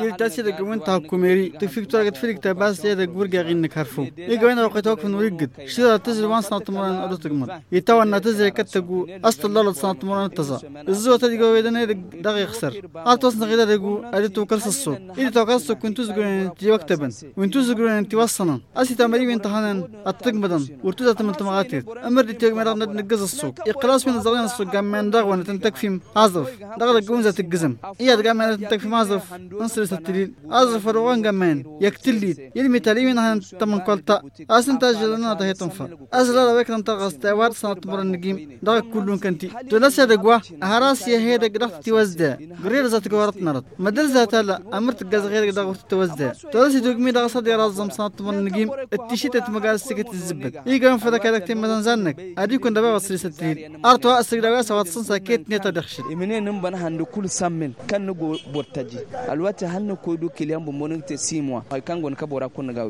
diltaa sida gawintaha kumeri tifigtuagad filigtaa baasdeeda gurgaaqinna karfu igawina roqitoogfan urigid shidaa tazil waan sanatumuran odotugmad itawan tazil kattagu asta lalod sanatumuran taza izuwa tadigawedanayda daqiiqsar artos naqidadagu aditu kalsasso iditoo kalso kuntuzgunen tiwaktaban wintuzgunen tiwassanan asita mariwin tahanan attagmadan urtudatamantmaqaateed amardi tiwagmeraqnad nagazassuq iqlaas min zaqlinassuq gammeen daqwana tantakfim azaf daqda gawinza tiggizam إياد قام أنا تك في مازرف نصر ستلين أزرف روان قمان يكتلين يلمي تليمين هان تمن قلتا أسن تاجلنا تهي تنفا ازل أزلا لبك ننتغس تاوات سنة تمر النقيم داغ كلون كنتي يا دقوا هراس يا هيدا قدخت توزدا غرير ذات قوارت نرد مدل ذات لا أمرت قز غير دق رفت توزدا تلسى دقمي دق صدي رازم سنة تمر النقيم التشيت تمقال سكت الزبد قام فدك هذاك تيم زنك أديكم دبابة سري ستلين أرتوا أسرق دقوا سوات سنسا كيت نيتا دخشل إمنين نمبنا هندو كل سامن kan no bortaji alwati hanno koydu kiliyan bo monite six mois ay kan gon ka bora kunna